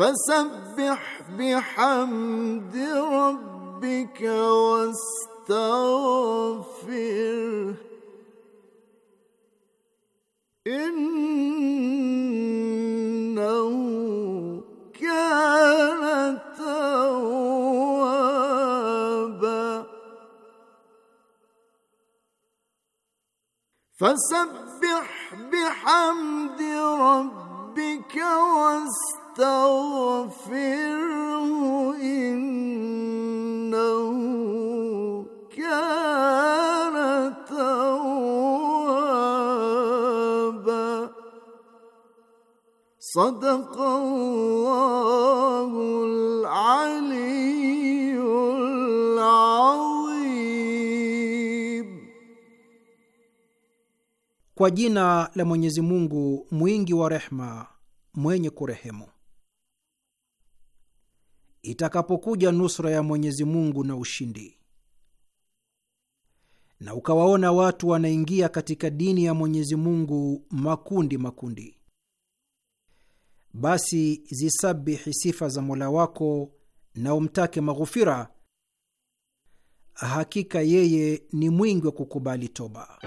فسبح بحمد ربك واستغفر Kwa jina la Mwenyezi Mungu mwingi wa rehma, mwenye kurehemu. Itakapokuja nusra ya Mwenyezi Mungu na ushindi, na ukawaona watu wanaingia katika dini ya Mwenyezi Mungu makundi makundi basi zisabihi sifa za Mola wako na umtake maghufira. Hakika yeye ni mwingi wa kukubali toba.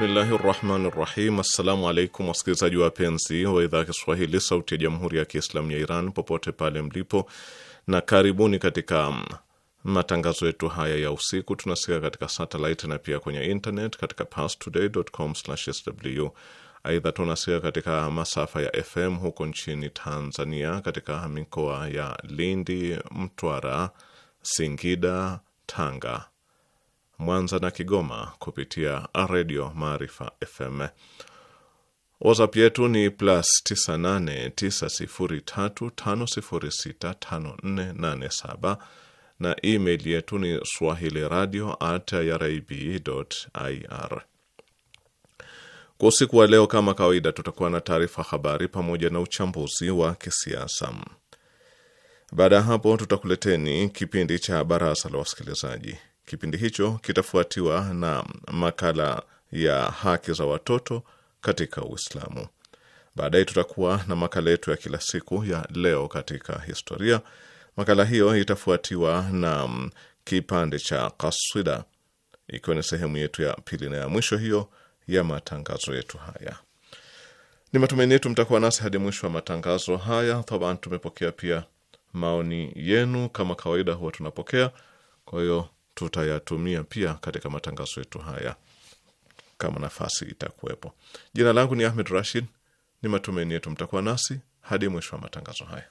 Bismillahi rahmani rahim. Assalamu alaikum wasikilizaji wapenzi wa idhaa ya Kiswahili sauti ya jamhuri ya Kiislamu ya Iran popote pale mlipo, na karibuni katika matangazo yetu haya ya usiku. tunasika katika satelit na pia kwenye internet katika pastodaycom sw Aidha, tunasika katika masafa ya FM huko nchini Tanzania, katika mikoa ya Lindi, Mtwara, Singida, Tanga Mwanza na Kigoma kupitia Redio Maarifa FM. WhatsApp yetu ni plus 989035065487 na email yetu ni swahili radio at irib ir. Kwa usiku wa leo, kama kawaida, tutakuwa na taarifa habari pamoja na uchambuzi wa kisiasa. Baada ya hapo, tutakuleteni kipindi cha baraza la wasikilizaji. Kipindi hicho kitafuatiwa na makala ya haki za watoto katika Uislamu. Baadaye tutakuwa na makala yetu ya kila siku ya leo katika historia. Makala hiyo itafuatiwa na mm, kipande cha kaswida, ikiwa ni sehemu yetu ya pili na ya mwisho hiyo ya matangazo yetu haya. Ni matumaini yetu mtakuwa nasi hadi mwisho wa matangazo haya. Taban, tumepokea pia maoni yenu kama kawaida, huwa tunapokea. Kwa hiyo tutayatumia pia katika matangazo yetu haya kama nafasi itakuwepo. Jina langu ni Ahmed Rashid. Ni matumaini yetu mtakuwa nasi hadi mwisho wa matangazo haya.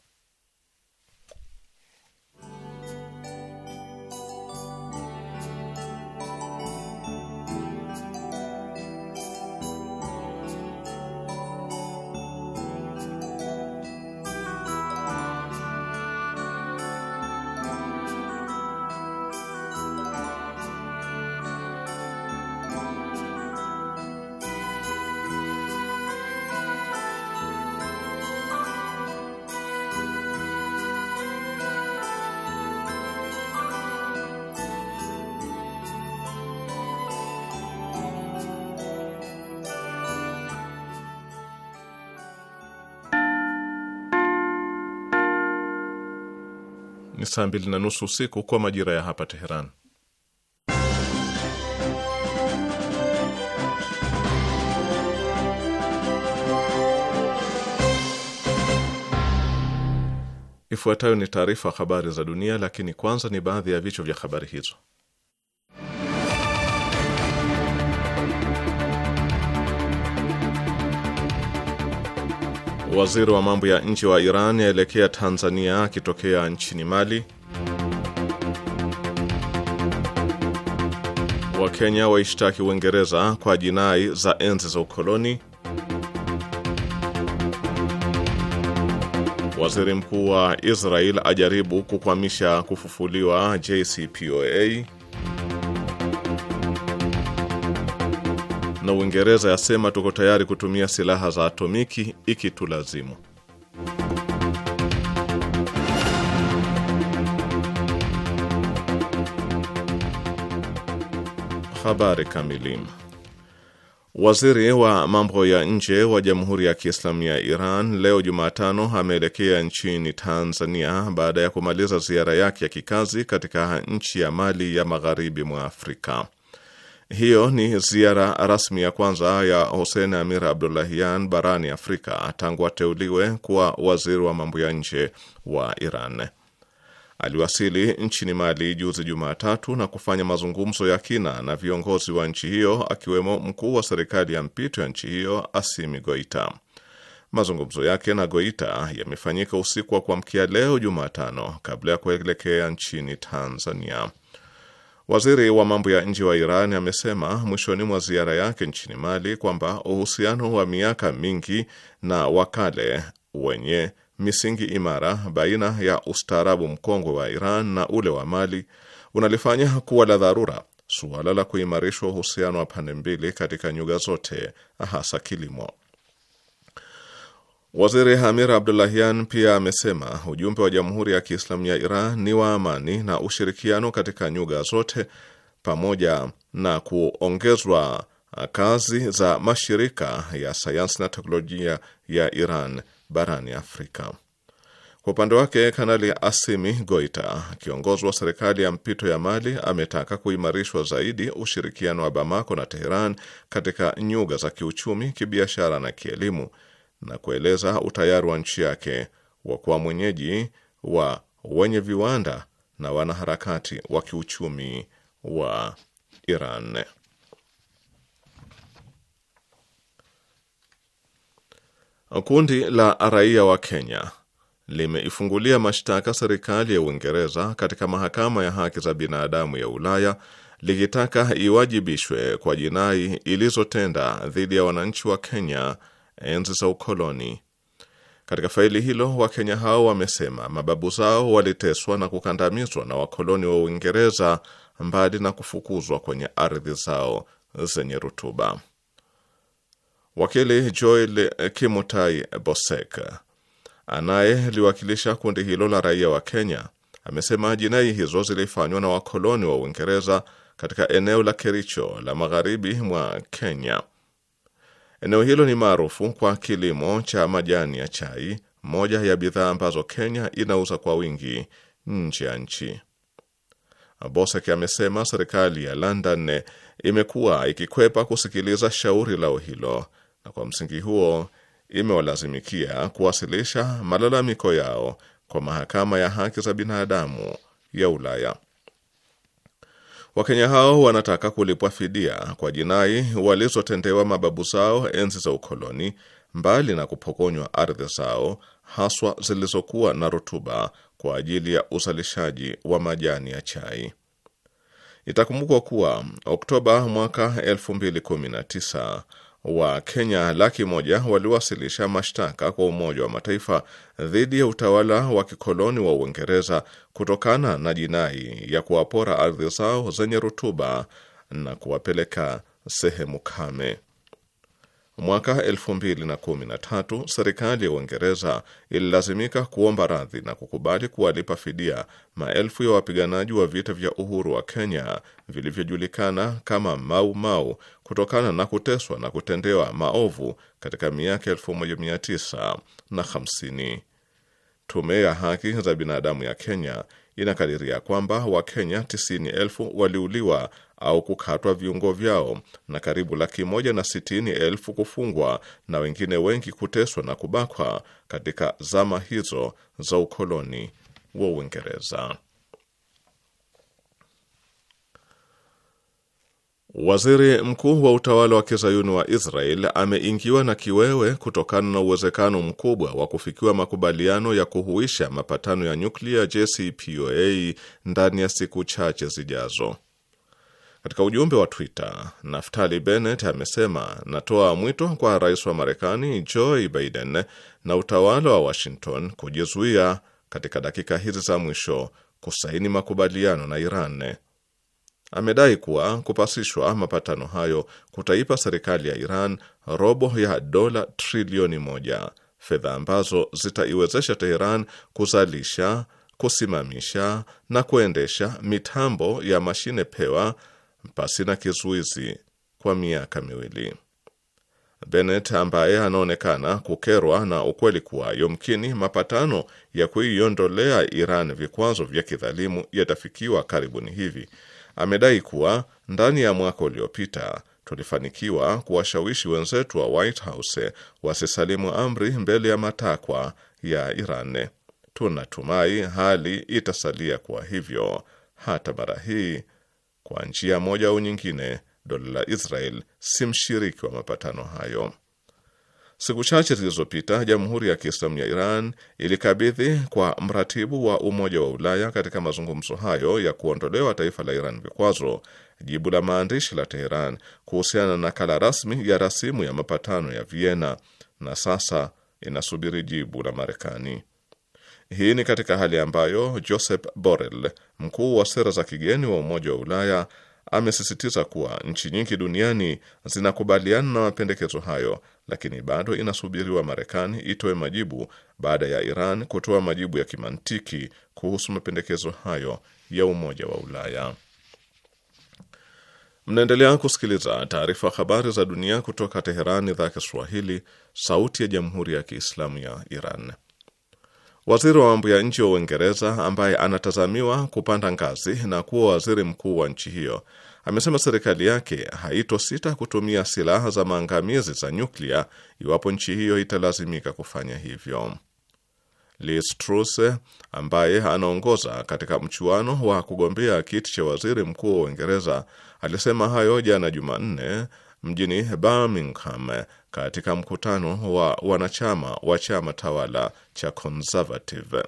saa mbili na nusu usiku kwa majira ya hapa Teheran. Ifuatayo ni taarifa habari za dunia, lakini kwanza ni baadhi ya vichwa vya habari hizo. Waziri wa mambo ya nje wa Iran yaelekea Tanzania akitokea nchini Mali. Wakenya waishtaki Uingereza kwa jinai za enzi za ukoloni. Waziri mkuu wa Israel ajaribu kukwamisha kufufuliwa JCPOA. na Uingereza yasema tuko tayari kutumia silaha za atomiki ikitulazimu. Habari kamili. Waziri wa mambo ya nje wa Jamhuri ya Kiislamu ya Iran leo Jumatano ameelekea nchini Tanzania baada ya kumaliza ziara yake ya kikazi katika nchi ya Mali ya magharibi mwa Afrika. Hiyo ni ziara rasmi ya kwanza ya Hussein Amir abdulahian barani Afrika tangu ateuliwe kuwa waziri wa mambo ya nje wa Iran. Aliwasili nchini Mali juzi Jumatatu na kufanya mazungumzo ya kina na viongozi wa nchi hiyo akiwemo mkuu wa serikali ya mpito ya nchi hiyo asimi Goita. Mazungumzo yake na Goita yamefanyika usiku wa kuamkia leo Jumatano kabla ya kuelekea nchini Tanzania. Waziri wa mambo ya nje wa Iran amesema mwishoni mwa ziara yake nchini Mali kwamba uhusiano wa miaka mingi na wakale wenye misingi imara baina ya ustaarabu mkongwe wa Iran na ule wa Mali unalifanya kuwa la dharura suala la kuimarishwa uhusiano wa pande mbili katika nyuga zote, hasa kilimo. Waziri Hamir Abdullahian pia amesema ujumbe wa Jamhuri ya Kiislamu ya Iran ni wa amani na ushirikiano katika nyuga zote, pamoja na kuongezwa kazi za mashirika ya sayansi na teknolojia ya Iran barani Afrika. Kwa upande wake, Kanali Asimi Goita, kiongozi wa serikali ya mpito ya Mali, ametaka kuimarishwa zaidi ushirikiano wa Bamako na Teheran katika nyuga za kiuchumi, kibiashara na kielimu na kueleza utayari wa nchi yake wa kuwa mwenyeji wa wenye viwanda na wanaharakati wa kiuchumi wa Iran. Kundi la raia wa Kenya limeifungulia mashtaka serikali ya Uingereza katika mahakama ya haki za binadamu ya Ulaya likitaka iwajibishwe kwa jinai ilizotenda dhidi ya wananchi wa Kenya enzi za ukoloni. Katika faili hilo Wakenya hao wamesema mababu zao waliteswa na kukandamizwa na wakoloni wa Uingereza, mbali na kufukuzwa kwenye ardhi zao zenye rutuba. Wakili Joel Kimutai Bosek anayeliwakilisha kundi hilo la raia wa Kenya amesema jinai hizo zilifanywa na wakoloni wa Uingereza katika eneo la Kericho la magharibi mwa Kenya Eneo hilo ni maarufu kwa kilimo cha majani ya chai, moja ya bidhaa ambazo Kenya inauza kwa wingi nje ya nchi. Bosek amesema serikali ya London imekuwa ikikwepa kusikiliza shauri lao hilo, na kwa msingi huo imewalazimikia kuwasilisha malalamiko yao kwa mahakama ya haki za binadamu ya Ulaya. Wakenya hao wanataka kulipwa fidia kwa jinai walizotendewa mababu zao enzi za ukoloni, mbali na kupokonywa ardhi zao haswa zilizokuwa na rutuba kwa ajili ya uzalishaji wa majani ya chai. Itakumbukwa kuwa Oktoba mwaka wa Kenya laki moja waliwasilisha mashtaka kwa Umoja wa Mataifa dhidi ya utawala wa kikoloni wa Uingereza kutokana na jinai ya kuwapora ardhi zao zenye rutuba na kuwapeleka sehemu kame. Mwaka 2013 serikali ya Uingereza ililazimika kuomba radhi na kukubali kuwalipa fidia maelfu ya wapiganaji wa vita vya uhuru wa Kenya vilivyojulikana kama Mau Mau kutokana na kuteswa na kutendewa maovu katika miaka 1950. Tume ya haki za binadamu ya Kenya inakadiria kwamba Wakenya 90,000 waliuliwa au kukatwa viungo vyao na karibu laki moja na sitini elfu kufungwa na wengine wengi kuteswa na kubakwa katika zama hizo za ukoloni wa Uingereza. Waziri mkuu wa utawala wa kizayuni wa Israel ameingiwa na kiwewe kutokana na uwezekano mkubwa wa kufikiwa makubaliano ya kuhuisha mapatano ya nyuklia JCPOA ndani ya siku chache zijazo. Katika ujumbe wa Twitter, Naftali Bennett amesema, natoa mwito kwa rais wa Marekani Joe Biden na utawala wa Washington kujizuia katika dakika hizi za mwisho kusaini makubaliano na Iran. Amedai kuwa kupasishwa mapatano hayo kutaipa serikali ya Iran robo ya dola trilioni moja, fedha ambazo zitaiwezesha Teheran kuzalisha, kusimamisha na kuendesha mitambo ya mashine pewa pasina kizuizi kwa miaka miwili. Bennett ambaye anaonekana kukerwa na ukweli kuwa yomkini mapatano ya kuiondolea Iran vikwazo vya kidhalimu yatafikiwa karibuni hivi, amedai kuwa ndani ya mwaka uliopita tulifanikiwa kuwashawishi wenzetu wa White House wasisalimu amri mbele ya matakwa ya Iran. Tunatumai hali itasalia kuwa hivyo hata mara hii kwa njia moja au nyingine, dola la Israel si mshiriki wa mapatano hayo. Siku chache zilizopita Jamhuri ya Kiislamu ya Iran ilikabidhi kwa mratibu wa Umoja wa Ulaya katika mazungumzo hayo ya kuondolewa taifa la Iran vikwazo jibu la maandishi la Teheran kuhusiana na nakala rasmi ya rasimu ya mapatano ya Vienna na sasa inasubiri jibu la Marekani. Hii ni katika hali ambayo Josep Borrell, mkuu wa sera za kigeni wa Umoja wa Ulaya, amesisitiza kuwa nchi nyingi duniani zinakubaliana na mapendekezo hayo, lakini bado inasubiriwa Marekani itoe majibu baada ya Iran kutoa majibu ya kimantiki kuhusu mapendekezo hayo ya Umoja wa Ulaya. Mnaendelea kusikiliza taarifa habari za dunia kutoka Teherani, idhaa ya Kiswahili, sauti ya Jamhuri ya Kiislamu ya Iran. Waziri wa mambo ya nje wa Uingereza ambaye anatazamiwa kupanda ngazi na kuwa waziri mkuu wa nchi hiyo amesema serikali yake haitosita kutumia silaha za maangamizi za nyuklia iwapo nchi hiyo italazimika kufanya hivyo. Liz Truss ambaye anaongoza katika mchuano wa kugombea kiti cha waziri mkuu wa Uingereza alisema hayo jana Jumanne mjini Birmingham katika mkutano wa wanachama wa chama tawala cha Conservative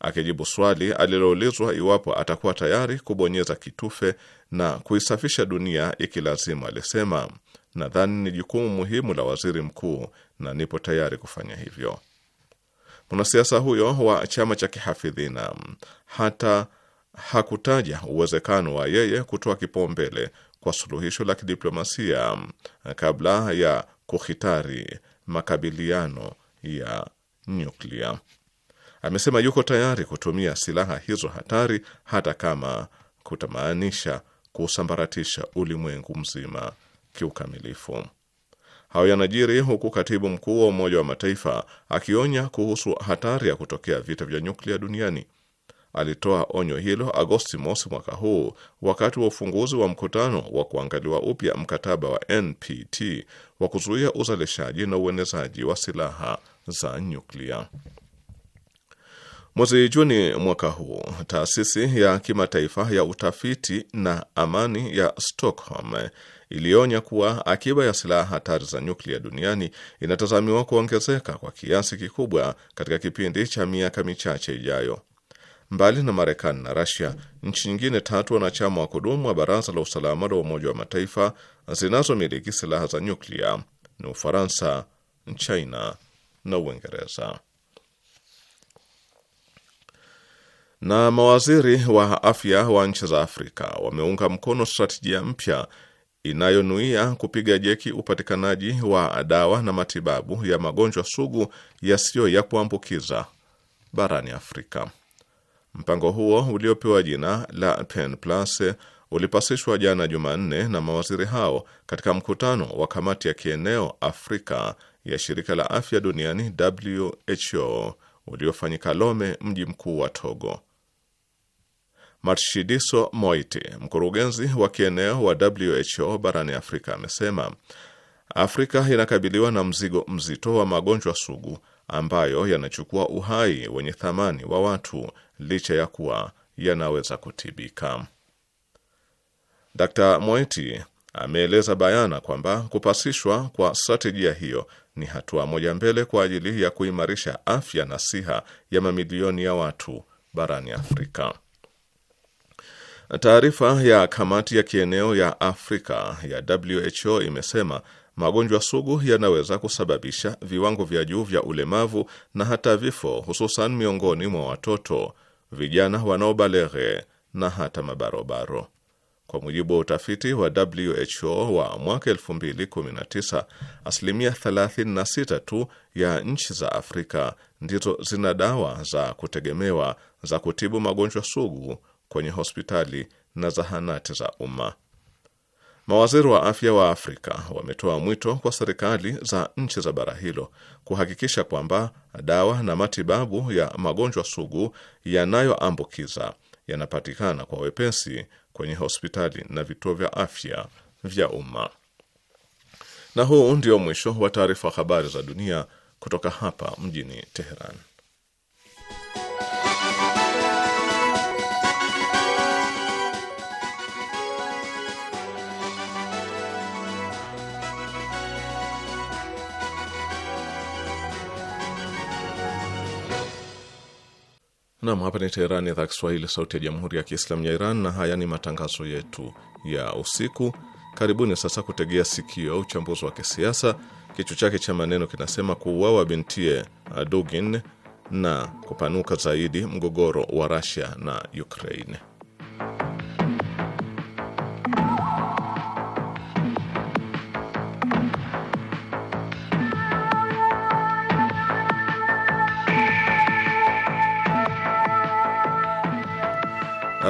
akijibu swali aliloulizwa iwapo atakuwa tayari kubonyeza kitufe na kuisafisha dunia ikilazima, alisema nadhani ni jukumu muhimu la waziri mkuu na nipo tayari kufanya hivyo. Mwanasiasa huyo wa chama cha kihafidhina hata hakutaja uwezekano wa yeye kutoa kipaumbele kwa suluhisho la kidiplomasia eh, kabla ya kuhitari makabiliano ya nyuklia. Amesema yuko tayari kutumia silaha hizo hatari hata kama kutamaanisha kusambaratisha ulimwengu mzima kiukamilifu. Hayo yanajiri huku katibu mkuu wa Umoja wa Mataifa akionya kuhusu hatari ya kutokea vita vya nyuklia duniani alitoa onyo hilo Agosti mosi mwaka huu wakati wa ufunguzi wa mkutano wa kuangaliwa upya mkataba wa NPT wa kuzuia uzalishaji na uenezaji wa silaha za nyuklia. Mwezi Juni mwaka huu taasisi ya kimataifa ya utafiti na amani ya Stockholm ilionya kuwa akiba ya silaha hatari za nyuklia duniani inatazamiwa kuongezeka kwa kiasi kikubwa katika kipindi cha miaka michache ijayo. Mbali na Marekani na Rasia, nchi nyingine tatu wanachama wa kudumu wa Baraza la Usalama la Umoja wa Mataifa zinazomiliki silaha za nyuklia ni Ufaransa, China na Uingereza. Na mawaziri wa afya wa nchi za Afrika wameunga mkono strategia mpya inayonuia kupiga jeki upatikanaji wa dawa na matibabu ya magonjwa sugu yasiyo ya kuambukiza barani Afrika. Mpango huo uliopewa jina la Pen plus ulipasishwa jana Jumanne na mawaziri hao katika mkutano wa kamati ya kieneo Afrika ya shirika la afya duniani WHO uliofanyika Lome, mji mkuu wa Togo. Matshidiso Moiti, mkurugenzi wa kieneo wa WHO barani Afrika, amesema Afrika inakabiliwa na mzigo mzito wa magonjwa sugu ambayo yanachukua uhai wenye thamani wa watu licha ya kuwa yanaweza kutibika. Dr. Moeti ameeleza bayana kwamba kupasishwa kwa stratejia hiyo ni hatua moja mbele kwa ajili ya kuimarisha afya na siha ya mamilioni ya watu barani Afrika. Taarifa ya kamati ya kieneo ya Afrika ya WHO imesema magonjwa sugu yanaweza kusababisha viwango vya juu vya ulemavu na hata vifo, hususan miongoni mwa watoto vijana wanaobalehe na hata mabarobaro. Kwa mujibu wa utafiti wa WHO wa mwaka 2019, asilimia 36 tu ya nchi za Afrika ndizo zina dawa za kutegemewa za kutibu magonjwa sugu kwenye hospitali na zahanati za umma. Mawaziri wa afya wa Afrika wametoa mwito kwa serikali za nchi za bara hilo kuhakikisha kwamba dawa na matibabu ya magonjwa sugu yanayoambukiza yanapatikana kwa wepesi kwenye hospitali na vituo vya afya vya umma. Na huu ndio mwisho wa taarifa habari za dunia kutoka hapa mjini Teheran. Nam, hapa ni Teherani, idhaa Kiswahili, sauti ya jamhuri ya kiislamu ya Iran, na haya ni matangazo yetu ya usiku. Karibuni sasa kutegea sikio uchambuzi wa kisiasa, kichwa chake cha maneno kinasema kuuawa bintie Dugin na kupanuka zaidi mgogoro wa rasia na Ukraine.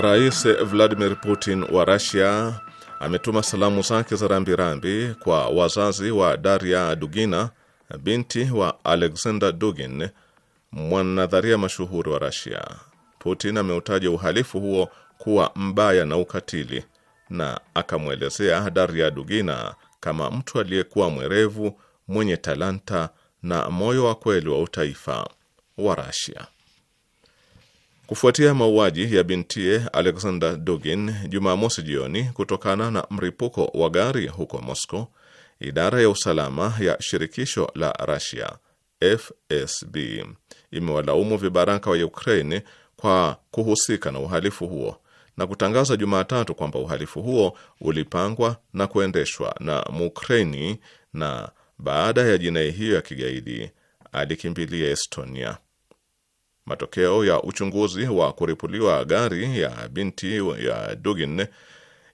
Rais Vladimir Putin wa rusia ametuma salamu zake za rambirambi kwa wazazi wa Daria Dugina, binti wa Alexander Dugin, mwanadharia mashuhuri wa rasia Putin ameutaja uhalifu huo kuwa mbaya na ukatili na akamwelezea Daria Dugina kama mtu aliyekuwa mwerevu, mwenye talanta na moyo wa kweli wa utaifa wa rusia kufuatia mauaji ya bintie Alexander Dugin Jumamosi jioni kutokana na mripuko wa gari huko Moscow, idara ya usalama ya shirikisho la Russia FSB imewalaumu vibaraka wa Ukraine kwa kuhusika na uhalifu huo na kutangaza Jumatatu kwamba uhalifu huo ulipangwa na kuendeshwa na Mukraini na baada ya jinai hiyo ya kigaidi alikimbilia Estonia. Matokeo ya uchunguzi wa kuripuliwa gari ya binti ya Dugin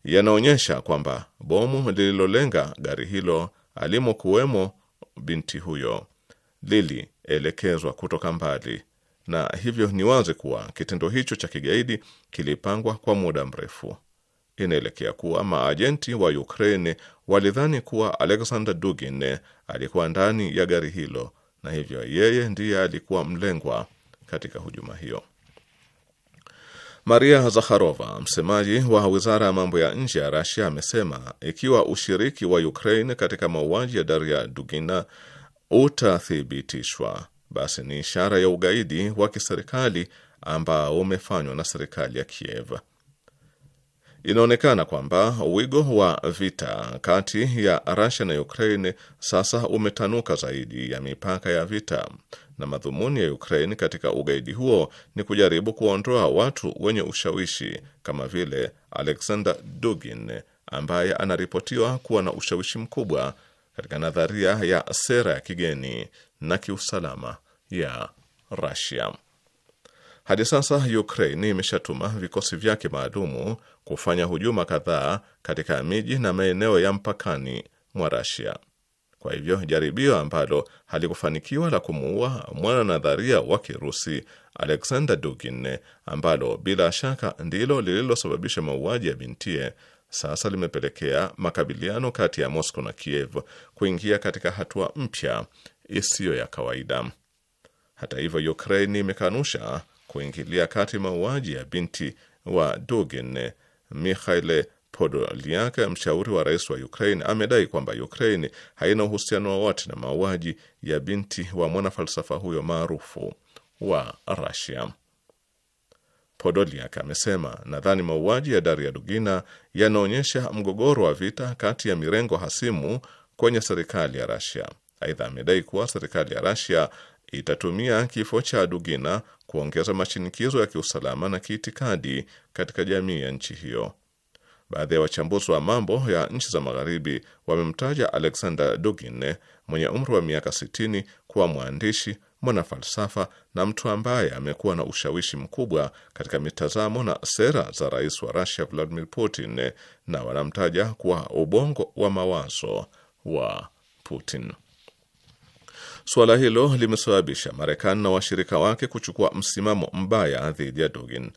yanaonyesha kwamba bomu lililolenga gari hilo alimokuwemo binti huyo lilielekezwa kutoka mbali, na hivyo ni wazi kuwa kitendo hicho cha kigaidi kilipangwa kwa muda mrefu. Inaelekea kuwa maajenti wa Ukraine walidhani kuwa Alexander Dugin alikuwa ndani ya gari hilo, na hivyo yeye ndiye alikuwa mlengwa katika hujuma hiyo. Maria Zakharova, msemaji wa wizara ya mambo ya nje ya Rasia, amesema ikiwa ushiriki wa Ukraine katika mauaji ya Daria Dugina utathibitishwa, basi ni ishara ya ugaidi wa kiserikali ambao umefanywa na serikali ya Kiev. Inaonekana kwamba wigo wa vita kati ya Russia na Ukraine sasa umetanuka zaidi ya mipaka ya vita, na madhumuni ya Ukraine katika ugaidi huo ni kujaribu kuondoa watu wenye ushawishi kama vile Alexander Dugin ambaye anaripotiwa kuwa na ushawishi mkubwa katika nadharia ya sera ya kigeni na kiusalama ya Russia. Hadi sasa Ukraine imeshatuma vikosi vyake maalumu kufanya hujuma kadhaa katika miji na maeneo ya mpakani mwa Rasia. Kwa hivyo jaribio ambalo halikufanikiwa la kumuua mwananadharia wa Kirusi Alexander Dugin, ambalo bila shaka ndilo lililosababisha mauaji ya bintie, sasa limepelekea makabiliano kati ya Moscow na Kiev kuingia katika hatua mpya isiyo ya kawaida. Hata hivyo, Ukraine imekanusha kuingilia kati mauaji ya binti wa Dugin Mikhail Podolyak, mshauri wa rais wa Ukraine, amedai kwamba Ukraine haina uhusiano wowote na mauaji ya binti wa mwanafalsafa huyo maarufu wa Russia. Podoliak amesema, nadhani mauaji ya Daria Dugina yanaonyesha mgogoro wa vita kati ya mirengo hasimu kwenye serikali ya Rasia. Aidha, amedai kuwa serikali ya Rasia itatumia kifo cha Dugina kuongeza mashinikizo ya kiusalama na kiitikadi katika jamii ya nchi hiyo. Baadhi ya wachambuzi wa mambo ya nchi za magharibi wamemtaja Alexander Dugin mwenye umri wa miaka 60 kuwa mwandishi, mwanafalsafa na mtu ambaye amekuwa na ushawishi mkubwa katika mitazamo na sera za rais wa Russia Vladimir Putin, na wanamtaja kuwa ubongo wa mawazo wa Putin. Suala hilo limesababisha Marekani na washirika wake kuchukua msimamo mbaya dhidi ya Dugin.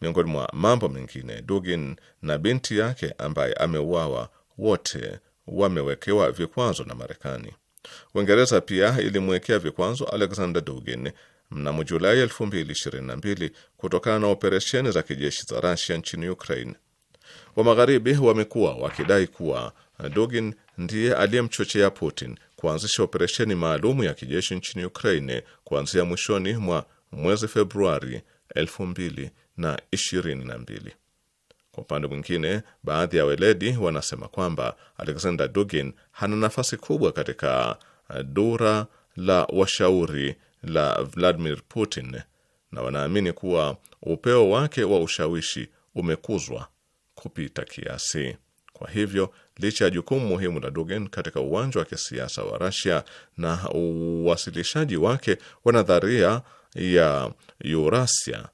Miongoni mwa mambo mengine, Dugin na binti yake ambaye ameuawa wote wamewekewa vikwazo na Marekani. Uingereza pia ilimwekea vikwazo Alexander Dugin mnamo Julai 2022 kutokana na operesheni za kijeshi za Rusia nchini Ukraine. Wa Magharibi wamekuwa wakidai kuwa Dugin ndiye aliyemchochea Putin kuanzisha operesheni maalumu ya kijeshi nchini Ukraine kuanzia mwishoni mwa mwezi Februari 2022. Kwa upande mwingine, baadhi ya weledi wanasema kwamba Alexander Dugin hana nafasi kubwa katika eh, dura la washauri la Vladimir Putin na wanaamini kuwa upeo wake wa ushawishi umekuzwa kupita kiasi. Kwa hivyo licha ya jukumu muhimu la Dugin katika uwanja wa kisiasa wa Rasia na uwasilishaji wake wa nadharia ya Urasia,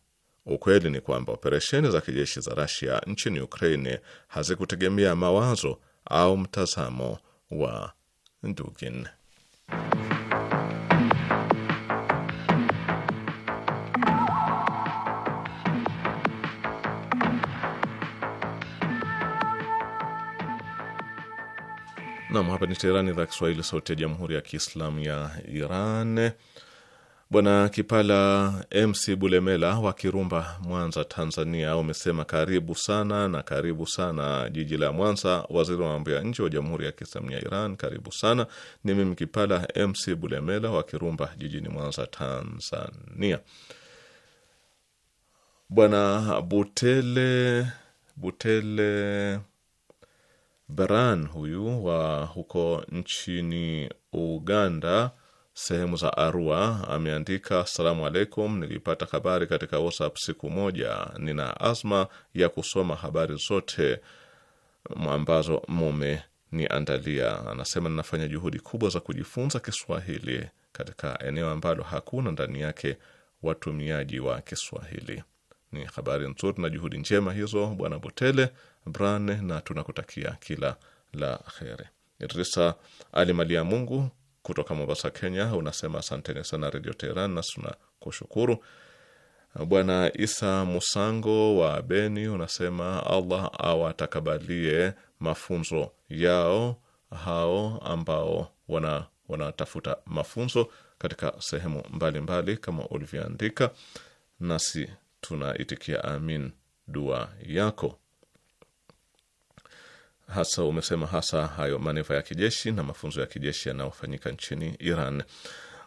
ukweli ni kwamba operesheni za kijeshi za Rasia nchini Ukraini hazikutegemea mawazo au mtazamo wa Dugin. Nam, hapa ni Teherani, idhaa Kiswahili, sauti ya jamhuri ya kiislamu ya Iran. Bwana Kipala MC Bulemela wa Kirumba, Mwanza, Tanzania, umesema karibu sana na karibu sana jiji la Mwanza, waziri wa mambo ya nje wa jamhuri ya kiislamu ya Iran. Karibu sana. Ni mimi Kipala MC Bulemela wa Kirumba, jijini Mwanza, Tanzania. Bwana Butele Butele Beran huyu wa huko nchini Uganda, sehemu za Arua, ameandika assalamu alaikum. Nilipata habari katika WhatsApp siku moja. Nina azma ya kusoma habari zote ambazo mume andalia Anasema ninafanya juhudi kubwa za kujifunza Kiswahili katika eneo ambalo hakuna ndani yake watumiaji wa Kiswahili. Ni habari nzuri na juhudi njema hizo, Bwana Butele Bran, na tunakutakia kila la heri. Idrisa Ali ya Mungu kutoka Mombasa, Kenya, unasema asanteni sana Redio Teheran na tunakushukuru. Bwana Isa Musango wa Beni unasema Allah awatakabalie mafunzo yao hao ambao wana wanatafuta mafunzo katika sehemu mbalimbali mbali, kama ulivyoandika nasi tunaitikia amin dua yako. Hasa umesema hasa hayo maneva ya kijeshi na mafunzo ya kijeshi yanayofanyika nchini Iran.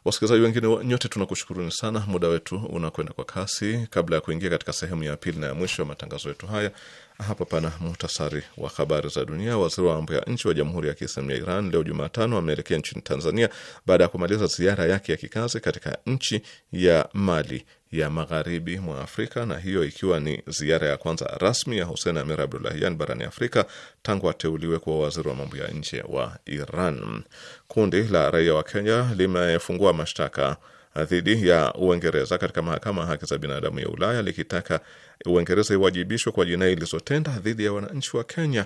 Wasikilizaji wengine nyote tunakushukuruni sana. Muda wetu unakwenda kwa kasi. Kabla ya kuingia katika sehemu ya pili na ya mwisho ya matangazo yetu haya, hapa pana muhtasari wa habari za dunia. Waziri wa mambo ya nchi wa Jamhuri ya Kiislamu ya Iran leo Jumatano ameelekea nchini Tanzania baada ya kumaliza ziara yake ya kikazi katika nchi ya Mali ya magharibi mwa Afrika, na hiyo ikiwa ni ziara ya kwanza rasmi ya Hussein Amir Abdollahian barani Afrika tangu ateuliwe kuwa waziri wa mambo ya nje wa Iran. Kundi la raia wa Kenya limefungua mashtaka dhidi ya Uingereza katika mahakama ya haki za binadamu ya Ulaya likitaka Uingereza iwajibishwe kwa jinai ilizotenda dhidi ya wananchi wa Kenya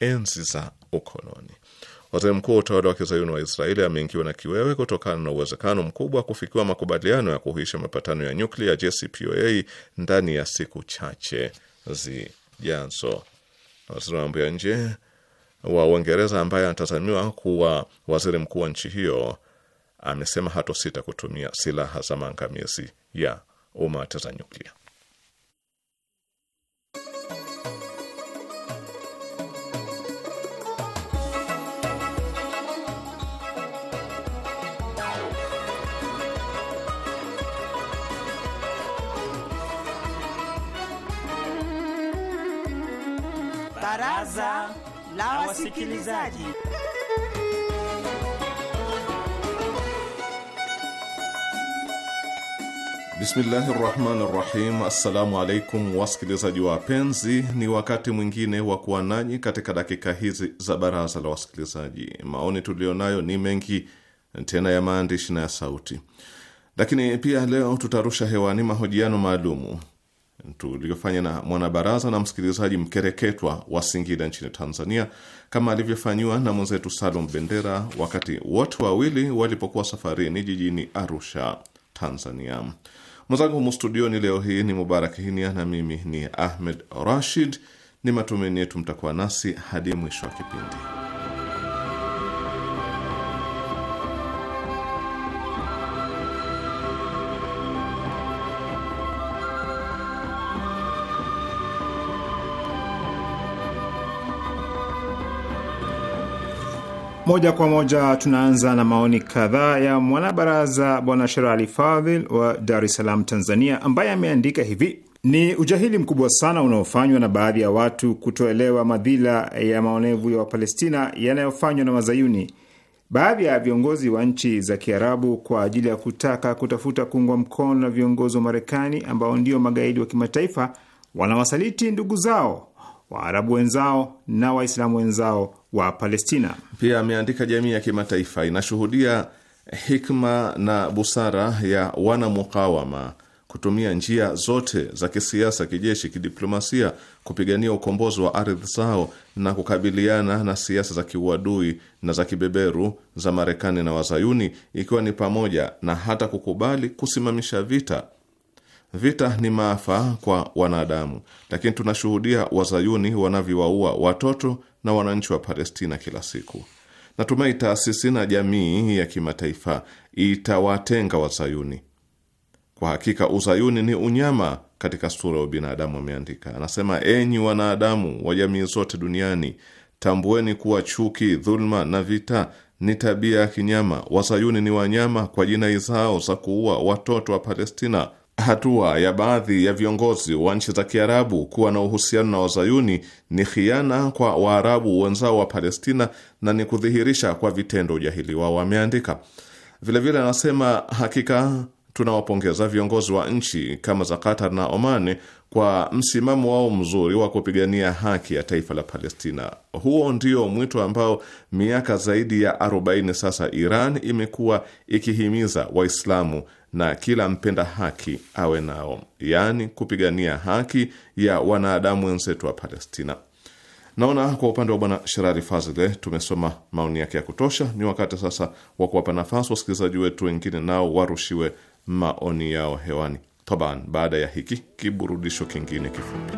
enzi za ukoloni. Waziri mkuu wa utawala wa kizayuni wa Israeli ameingiwa na kiwewe kutokana na uwezekano mkubwa wa kufikiwa makubaliano ya kuhuisha mapatano ya nyuklia JCPOA ndani ya siku chache zijazo. Waziri wa mambo ya nje wa Uingereza ambaye anatazamiwa kuwa waziri mkuu wa nchi hiyo amesema hatosita kutumia silaha za maangamizi ya umati za nyuklia. Baraza la Wasikilizaji. Bismillahi rahmani rahim. Assalamu alaikum wasikilizaji wapenzi, ni wakati mwingine wa kuwa nanyi katika dakika hizi za baraza la wasikilizaji. Maoni tuliyonayo ni mengi, tena ya maandishi na ya sauti, lakini pia leo tutarusha hewani mahojiano maalumu tuliyofanya na mwanabaraza na msikilizaji mkereketwa wa Singida nchini Tanzania, kama alivyofanyiwa na mwenzetu Salum Bendera wakati wote wawili walipokuwa safarini jijini Arusha, Tanzania. Mwenzangu humu studioni leo hii ni Mubarak Hinia na mimi ni Ahmed Rashid. Ni matumaini yetu mtakuwa nasi hadi mwisho wa kipindi. Moja kwa moja tunaanza na maoni kadhaa ya mwanabaraza Bwana Sherali Fadhil wa Dar es Salaam, Tanzania, ambaye ameandika hivi: ni ujahili mkubwa sana unaofanywa na baadhi ya watu kutoelewa madhila ya maonevu ya Wapalestina yanayofanywa na Wazayuni. Baadhi ya viongozi wa nchi za Kiarabu kwa ajili ya kutaka kutafuta kuungwa mkono na viongozi wa Marekani ambao ndio magaidi wa kimataifa wanawasaliti ndugu zao Waarabu wenzao na Waislamu wenzao wa Palestina. Pia ameandika, jamii ya kimataifa inashuhudia hikma na busara ya wanamukawama kutumia njia zote za kisiasa, kijeshi, kidiplomasia kupigania ukombozi wa ardhi zao na kukabiliana na siasa za kiuadui na za kibeberu za Marekani na Wazayuni, ikiwa ni pamoja na hata kukubali kusimamisha vita Vita ni maafa kwa wanadamu, lakini tunashuhudia wazayuni wanavyowaua watoto na wananchi wa Palestina kila siku. Natumai taasisi na jamii ya kimataifa itawatenga wazayuni. Kwa hakika uzayuni ni unyama katika sura ya ubinadamu, ameandika. Anasema, enyi wanadamu wa jamii zote duniani, tambueni kuwa chuki, dhuluma na vita ni tabia ya kinyama. Wazayuni ni wanyama kwa jinai zao za kuua watoto wa Palestina. Hatua ya baadhi ya viongozi wa nchi za Kiarabu kuwa na uhusiano na Wazayuni ni khiana kwa Waarabu wenzao wa Palestina na ni kudhihirisha kwa vitendo ujahili wao, wameandika. Vilevile anasema hakika tunawapongeza viongozi wa nchi kama za Qatar na Oman kwa msimamo wao mzuri wa kupigania haki ya taifa la Palestina. Huo ndio mwito ambao miaka zaidi ya 40 sasa Iran imekuwa ikihimiza Waislamu na kila mpenda haki awe nao, yaani kupigania haki ya wanadamu wenzetu wa Palestina. Naona kwa upande wa Bwana Sherari Fazile tumesoma maoni yake ya kutosha. Ni wakati sasa wa kuwapa nafasi wasikilizaji wetu wengine, nao warushiwe maoni yao hewani toban baada ya hiki kiburudisho kingine kifupi.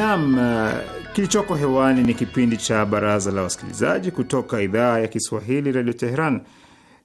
Naam, eh, kilichoko hewani ni kipindi cha Baraza la Wasikilizaji kutoka idhaa ya Kiswahili radio Teheran,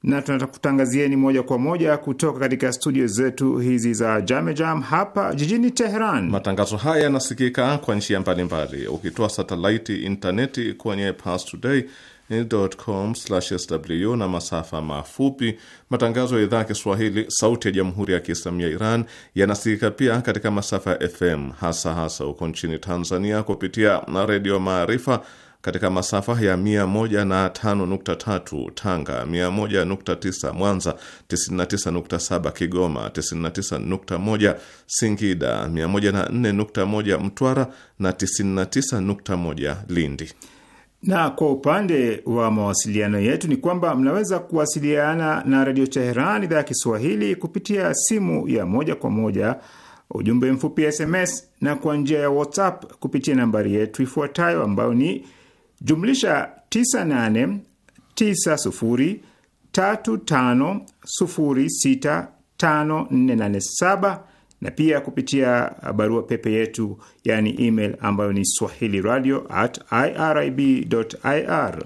na tunatakutangazieni moja kwa moja kutoka katika studio zetu hizi za Jamejam hapa jijini Teheran. Matangazo haya yanasikika kwa njia mbalimbali, ukitoa satelaiti, intaneti kwenye Pastoday sw na masafa mafupi. Matangazo ya idhaa ya Kiswahili sauti ya jamhuri ya Kiislamu ya Iran yanasikika pia katika masafa ya FM, hasa hasa huko nchini Tanzania kupitia Redio Maarifa katika masafa ya 105.3 Tanga, 101.9 Mwanza, 99.7 Kigoma, 99.1 Singida, 104.1 Mtwara na 99.1 Lindi. Na kwa upande wa mawasiliano yetu ni kwamba mnaweza kuwasiliana na redio Teheran idhaa ya Kiswahili kupitia simu ya moja kwa moja, ujumbe mfupi SMS, na kwa njia ya WhatsApp kupitia nambari yetu ifuatayo ambayo ni jumlisha 989035065487 na pia kupitia barua pepe yetu yani email ambayo ni swahili radio at irib ir.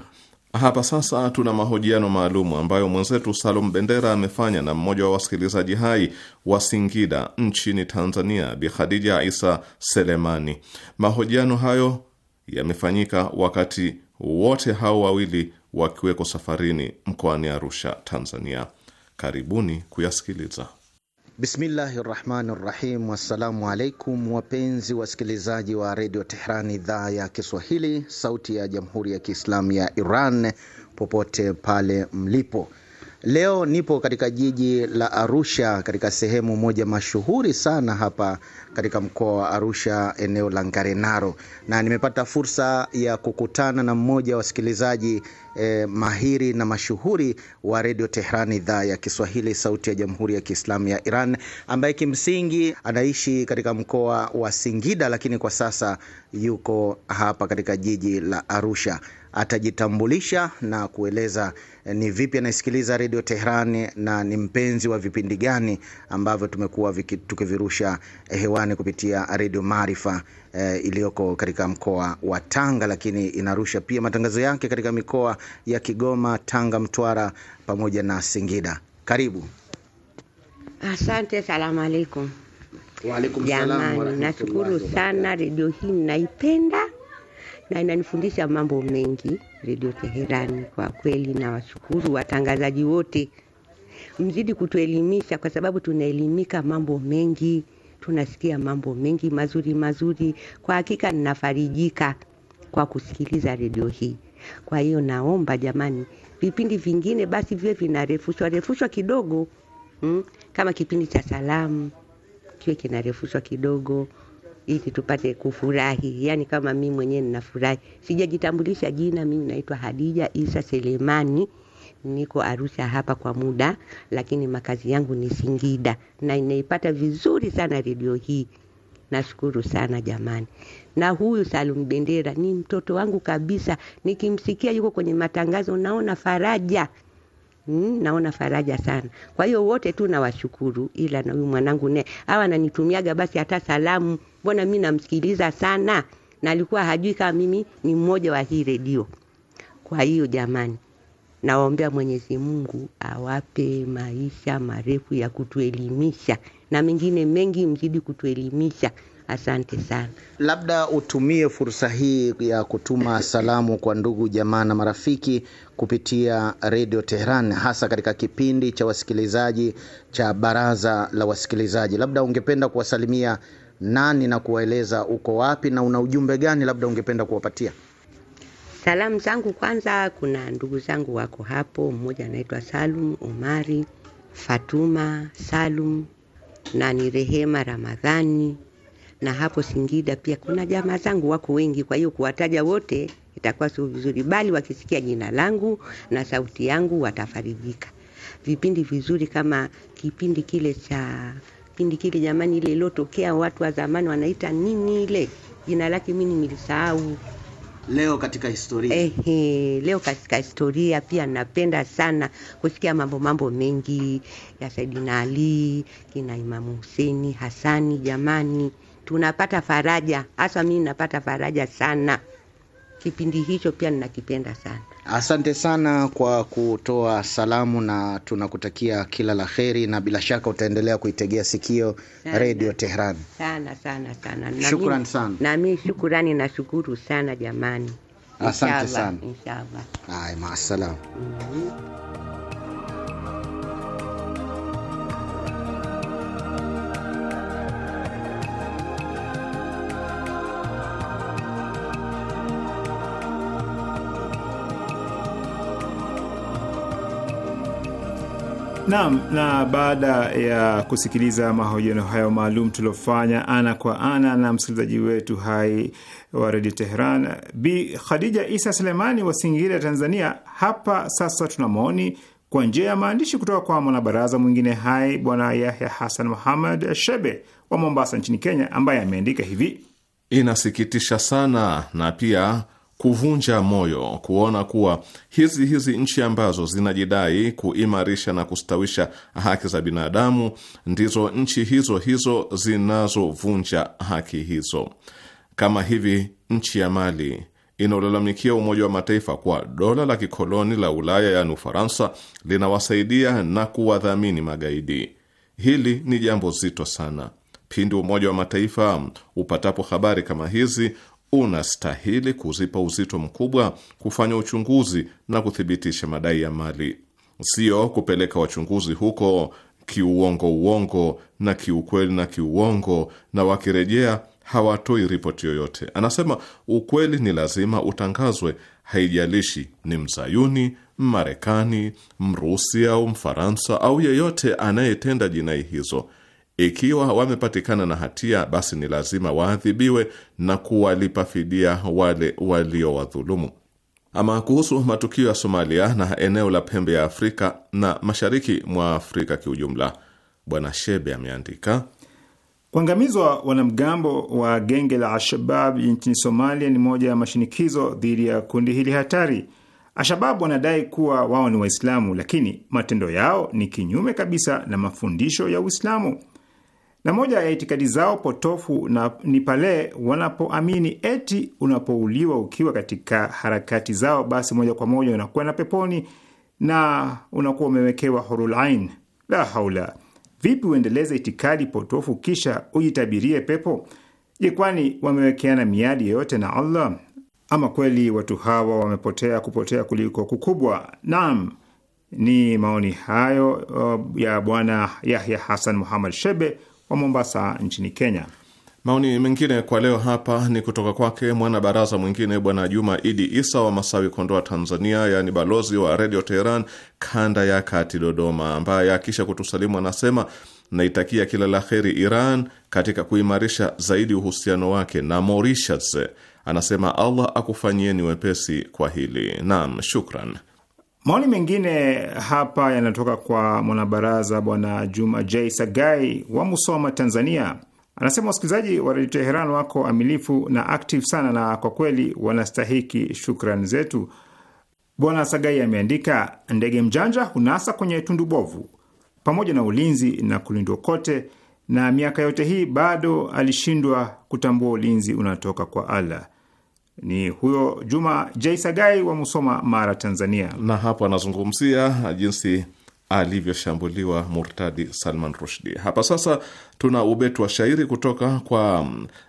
Hapa sasa tuna mahojiano maalumu ambayo mwenzetu Salum Bendera amefanya na mmoja wa wasikilizaji hai wa Singida nchini Tanzania, Bi Khadija Isa Selemani. Mahojiano hayo yamefanyika wakati wote hao wawili wakiweko safarini mkoani Arusha, Tanzania. Karibuni kuyasikiliza. Bismillahi rahmani rahim. Wassalamu alaikum wapenzi wasikilizaji wa redio Tehran, idhaa ya Kiswahili, sauti ya jamhuri ya kiislamu ya Iran, popote pale mlipo. Leo nipo katika jiji la Arusha katika sehemu moja mashuhuri sana hapa katika mkoa wa Arusha, eneo la Ngarenaro, na nimepata fursa ya kukutana na mmoja wa wasikilizaji eh, mahiri na mashuhuri wa Redio Tehran idhaa ya Kiswahili, sauti ya Jamhuri ya Kiislamu ya Iran, ambaye kimsingi anaishi katika mkoa wa Singida, lakini kwa sasa yuko hapa katika jiji la Arusha. Atajitambulisha na kueleza Eh, ni vipi anaisikiliza redio Tehran na ni mpenzi wa vipindi gani ambavyo tumekuwa tukivirusha eh, hewani kupitia redio Maarifa eh, iliyoko katika mkoa wa Tanga, lakini inarusha pia matangazo yake katika mikoa ya Kigoma, Tanga, Mtwara pamoja na Singida. Karibu. Asante, salamu alaikum. Jamani, nashukuru sana, redio hii naipenda na inanifundisha mambo mengi Redio Teherani. Kwa kweli nawashukuru watangazaji wote, mzidi kutuelimisha kwa sababu tunaelimika mambo mengi, tunasikia mambo mengi mazuri mazuri. Kwa hakika ninafarijika kwa kusikiliza redio hii. Kwa hiyo naomba jamani, vipindi vingine basi viwe vinarefushwa refushwa kidogo mm, kama kipindi cha salamu kiwe kinarefushwa kidogo, ili tupate kufurahi. Yani kama mimi mwenyewe ninafurahi, sijajitambulisha jina. Mimi naitwa Hadija Isa Selemani, niko Arusha hapa kwa muda, lakini makazi yangu ni Singida na inaipata vizuri sana redio hii. Nashukuru sana jamani. Na huyu Salum Bendera ni mtoto wangu kabisa, nikimsikia yuko kwenye matangazo naona faraja. Mm, naona faraja sana. Kwa hiyo wote tu nawashukuru, ila na huyu mwanangu ne hawa ananitumiaga basi hata salamu, mbona mi namsikiliza sana, na alikuwa hajui kama mimi ni mmoja wa hii redio. Kwa hiyo jamani, nawaombea Mwenyezi Mungu awape maisha marefu ya kutuelimisha na mengine mengi, mzidi kutuelimisha. Asante sana. Labda utumie fursa hii ya kutuma salamu kwa ndugu jamaa na marafiki kupitia Redio tehran hasa katika kipindi cha wasikilizaji cha Baraza la Wasikilizaji. Labda ungependa kuwasalimia nani na kuwaeleza uko wapi na una ujumbe gani labda ungependa kuwapatia? Salamu zangu kwanza, kuna ndugu zangu wako hapo, mmoja anaitwa Salum Omari, Fatuma Salum na ni Rehema Ramadhani na hapo Singida pia kuna jamaa zangu wako wengi, kwa hiyo kuwataja wote itakuwa sio vizuri, bali wakisikia jina langu na sauti yangu watafarijika. Vipindi vizuri kama kipindi kile cha kipindi kile jamani, ile iliyotokea watu wa zamani wanaita nini ile jina lake mimi nilisahau. Leo katika historia. Ehe, leo katika historia pia napenda sana kusikia mambo mambo mengi ya Saidina Ali, kina Imamu Huseni, Hasani, jamani tunapata faraja, hasa mimi napata faraja sana. Kipindi hicho pia ninakipenda sana. Asante sana kwa kutoa salamu na tunakutakia kila la heri, na bila shaka utaendelea kuitegea sikio Redio Tehran sana sana sana. Shukrani sana na mimi na nashukuru sana jamani. Asante sana. Inshallah. Haya, maasalamu. Mm-hmm. Naam, na baada ya kusikiliza mahojiano hayo maalum tuliofanya ana kwa ana na msikilizaji wetu hai wa redio Teheran, Bi Khadija Isa Selemani wa Singida, Tanzania. Hapa sasa tuna maoni kwa njia ya maandishi kutoka kwa mwanabaraza mwingine hai Bwana Yahya Hasan Muhammad Shebe wa Mombasa nchini Kenya, ambaye ameandika hivi: inasikitisha sana na pia kuvunja moyo kuona kuwa hizi hizi nchi ambazo zinajidai kuimarisha na kustawisha haki za binadamu ndizo nchi hizo hizo zinazovunja haki hizo, kama hivi nchi ya Mali inaolalamikia Umoja wa Mataifa kuwa dola la kikoloni la Ulaya yaani Ufaransa linawasaidia na kuwadhamini magaidi. Hili ni jambo zito sana. Pindi Umoja wa Mataifa upatapo habari kama hizi unastahili kuzipa uzito mkubwa kufanya uchunguzi na kuthibitisha madai ya mali, sio kupeleka wachunguzi huko kiuongo uongo na kiukweli na kiuongo, na wakirejea hawatoi ripoti yoyote. Anasema ukweli ni lazima utangazwe, haijalishi ni mzayuni Mmarekani, Mrusi au Mfaransa au yeyote anayetenda jinai hizo ikiwa wamepatikana na hatia, basi ni lazima waadhibiwe na kuwalipa fidia wale waliowadhulumu. Ama kuhusu matukio ya Somalia na eneo la pembe ya Afrika na mashariki mwa Afrika kiujumla, Bwana Shebe ameandika kuangamizwa wanamgambo wa genge la Al-Shabab nchini Somalia ni moja ya mashinikizo dhidi ya kundi hili hatari. Al-Shabab wanadai kuwa wao ni Waislamu, lakini matendo yao ni kinyume kabisa na mafundisho ya Uislamu na moja ya itikadi zao potofu na ni pale wanapoamini eti unapouliwa ukiwa katika harakati zao, basi moja kwa moja unakwenda peponi na unakuwa umewekewa hurul ain. La haula! Vipi uendeleze itikadi potofu kisha ujitabirie pepo? Je, kwani wamewekeana miadi yoyote na Allah? Ama kweli watu hawa wamepotea kupotea kuliko kukubwa. Naam, ni maoni hayo uh, ya Bwana Yahya Hasan Muhammad Shebe wa Mombasa nchini Kenya. Maoni mengine kwa leo hapa ni kutoka kwake mwanabaraza mwingine Bwana Juma Idi Isa wa Masawi, Kondoa, Tanzania, yaani balozi wa Redio Teheran kanda ya kati Dodoma, ambaye akisha kutusalimu anasema naitakia kila la heri Iran katika kuimarisha zaidi uhusiano wake na Mauritius. Anasema Allah akufanyieni wepesi kwa hili. Naam, shukran. Maoni mengine hapa yanatoka kwa mwanabaraza Bwana Juma J Sagai wa Musoma, Tanzania. Anasema wasikilizaji wa redio Teheran wako amilifu na aktiv sana, na kwa kweli wanastahiki shukrani zetu. Bwana Sagai ameandika, ndege mjanja hunasa kwenye tundu bovu, pamoja na ulinzi na kulindwa kote, na miaka yote hii bado alishindwa kutambua ulinzi unatoka kwa Allah ni huyo Juma Jaisagai wa Musoma, Mara, Tanzania, na hapo anazungumzia jinsi alivyoshambuliwa murtadi Salman Rushdi. Hapa sasa tuna ubetu wa shairi kutoka kwa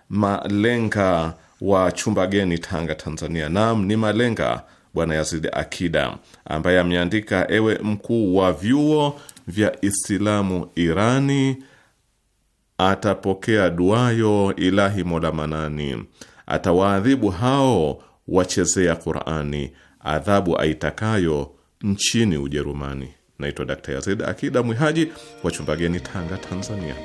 Malenga wa chumba geni, Tanga, Tanzania. Naam, ni Malenga Bwana Yazidi Akida ambaye ameandika: ewe mkuu wa vyuo vya Islamu Irani, atapokea duayo ilahi mola manani atawaadhibu hao wachezea Qur'ani adhabu aitakayo nchini Ujerumani. Naitwa Dr. Yazid Akida Mwihaji wa Chumbageni, Tanga, Tanzania.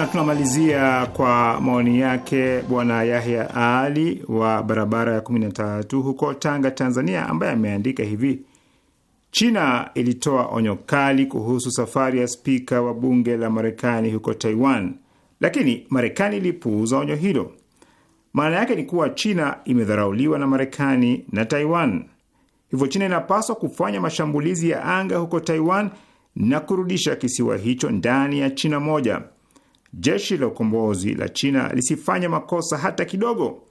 na tunamalizia kwa maoni yake Bwana Yahya Ali wa barabara ya 13 huko Tanga, Tanzania, ambaye ameandika hivi: China ilitoa onyo kali kuhusu safari ya spika wa bunge la Marekani huko Taiwan, lakini Marekani ilipuuza onyo hilo. Maana yake ni kuwa China imedharauliwa na Marekani na Taiwan, hivyo China inapaswa kufanya mashambulizi ya anga huko Taiwan na kurudisha kisiwa hicho ndani ya China moja jeshi la ukombozi la China lisifanya makosa hata kidogo.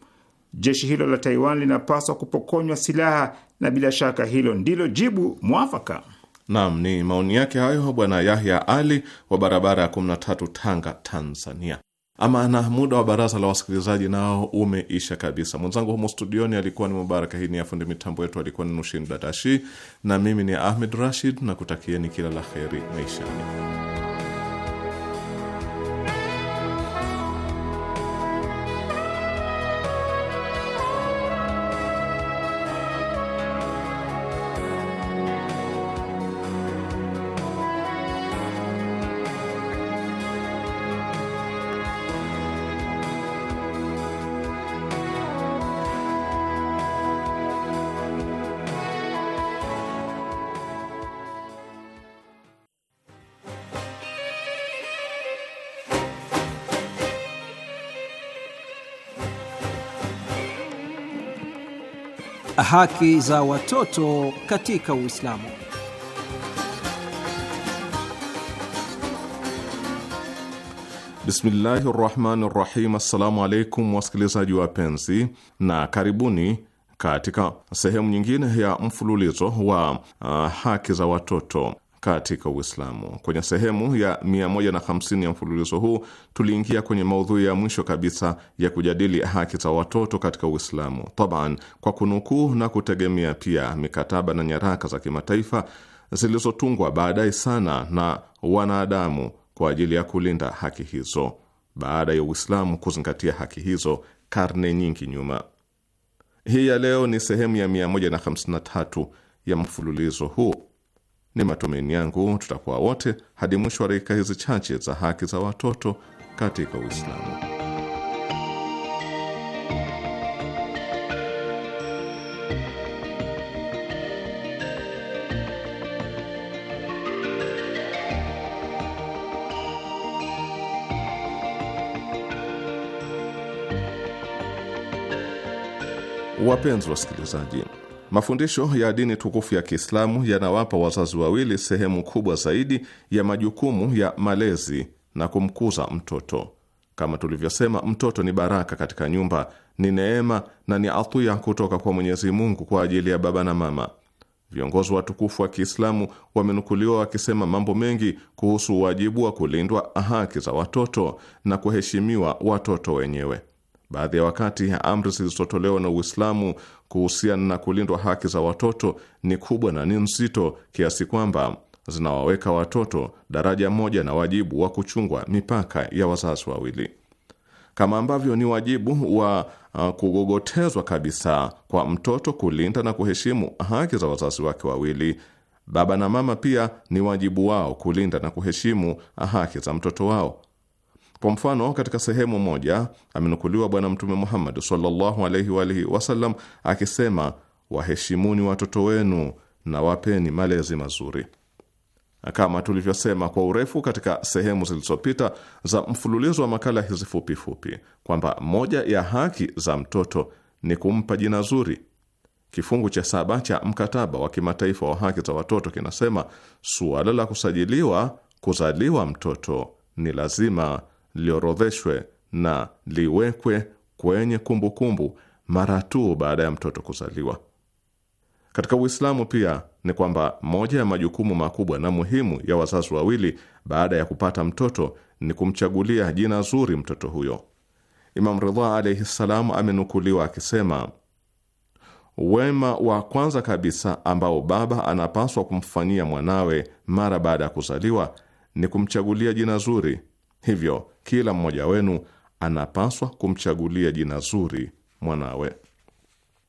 Jeshi hilo la Taiwan linapaswa kupokonywa silaha, na bila shaka hilo ndilo jibu mwafaka. Naam, ni maoni yake hayo Bwana Yahya Ali wa barabara ya 13 Tanga, Tanzania. Ama na muda wa baraza la wasikilizaji nao umeisha kabisa. Mwenzangu humo studioni alikuwa ni Mubaraka Hii ni afundi mitambo yetu alikuwa ni Nushin Dadashi, na mimi ni Ahmed Rashid na kutakieni kila la heri maishani. haki za watoto katika Uislamu. Bismillahi rahmani rahim. Assalamu alaikum wasikilizaji wapenzi, na karibuni katika sehemu nyingine ya mfululizo wa uh, haki za watoto katika Uislamu. Kwenye sehemu ya 150 ya mfululizo huu tuliingia kwenye maudhui ya mwisho kabisa ya kujadili haki za watoto katika Uislamu, taban kwa kunukuu na kutegemea pia mikataba na nyaraka za kimataifa zilizotungwa baadaye sana na wanadamu kwa ajili ya kulinda haki hizo, baada ya Uislamu kuzingatia haki hizo karne nyingi nyuma. Hii ya leo ni sehemu ya 153 ya mfululizo huu. Ni matumaini yangu tutakuwa wote hadi mwisho wa dakika hizi chache za haki za watoto katika Uislamu. Wapenzi wasikilizaji Mafundisho ya dini tukufu ya Kiislamu yanawapa wazazi wawili sehemu kubwa zaidi ya majukumu ya malezi na kumkuza mtoto. Kama tulivyosema, mtoto ni baraka katika nyumba, ni neema na ni atiya kutoka kwa Mwenyezi Mungu kwa ajili ya baba na mama. Viongozi watukufu wa Kiislamu wamenukuliwa wakisema mambo mengi kuhusu wajibu wa kulindwa haki za watoto na kuheshimiwa watoto wenyewe. Baadhi ya wakati amri zilizotolewa na Uislamu kuhusiana na kulindwa haki za watoto ni kubwa na ni nzito kiasi kwamba zinawaweka watoto daraja moja na wajibu wa kuchungwa mipaka ya wazazi wawili, kama ambavyo ni wajibu wa uh, kugogotezwa kabisa kwa mtoto kulinda na kuheshimu haki za wazazi wake wawili. Baba na mama pia ni wajibu wao kulinda na kuheshimu haki za mtoto wao. Kwa mfano, katika sehemu moja amenukuliwa Bwana Mtume Muhammad sallallahu alaihi wa alihi wasallam akisema, waheshimuni watoto wenu na wapeni malezi mazuri. Kama tulivyosema kwa urefu katika sehemu zilizopita za mfululizo wa makala hizi fupifupi, kwamba moja ya haki za mtoto ni kumpa jina zuri. Kifungu cha saba cha mkataba wa kimataifa wa haki za watoto kinasema suala la kusajiliwa kuzaliwa mtoto ni lazima liorodheshwe na liwekwe kwenye kumbukumbu mara tu baada ya mtoto kuzaliwa. Katika Uislamu pia ni kwamba moja ya majukumu makubwa na muhimu ya wazazi wawili baada ya kupata mtoto ni kumchagulia jina zuri mtoto huyo. Imam Ridha alaihi ssalam amenukuliwa akisema, wema wa kwanza kabisa ambao baba anapaswa kumfanyia mwanawe mara baada ya kuzaliwa ni kumchagulia jina zuri Hivyo kila mmoja wenu anapaswa kumchagulia jina zuri mwanawe.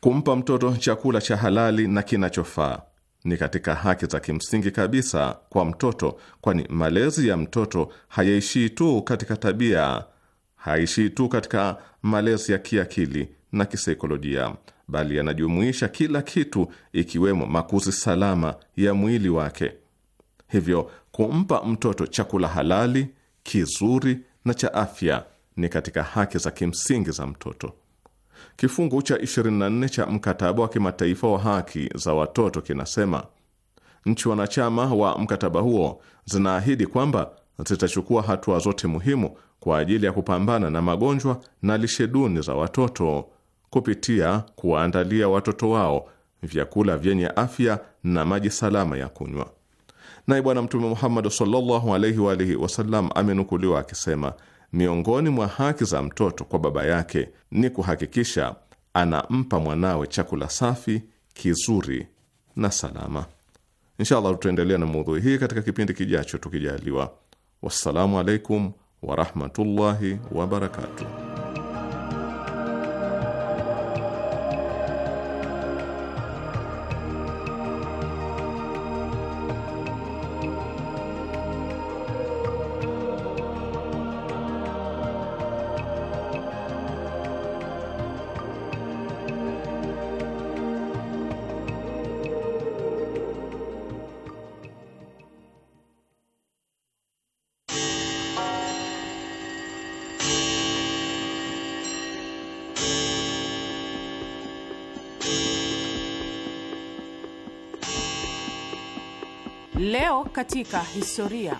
Kumpa mtoto chakula cha halali na kinachofaa ni katika haki za kimsingi kabisa kwa mtoto, kwani malezi ya mtoto hayaishii tu katika tabia, haishii tu katika malezi ya kiakili na kisaikolojia, bali yanajumuisha kila kitu, ikiwemo makuzi salama ya mwili wake. Hivyo kumpa mtoto chakula halali kizuri na cha afya ni katika haki za kimsingi za mtoto. Kifungu cha 24 cha mkataba wa kimataifa wa haki za watoto kinasema nchi wanachama wa mkataba huo zinaahidi kwamba zitachukua hatua zote muhimu kwa ajili ya kupambana na magonjwa na lishe duni za watoto kupitia kuwaandalia watoto wao vyakula vyenye afya na maji salama ya kunywa. Naye Bwana Mtume Muhammad sallallahu alaihi wa alihi wasallam amenukuliwa akisema, miongoni mwa haki za mtoto kwa baba yake ni kuhakikisha anampa mwanawe chakula safi, kizuri na salama. Insha allah tutaendelea na maudhui hii katika kipindi kijacho tukijaliwa. Wassalamu alaikum warahmatullahi wabarakatuh. katika historia.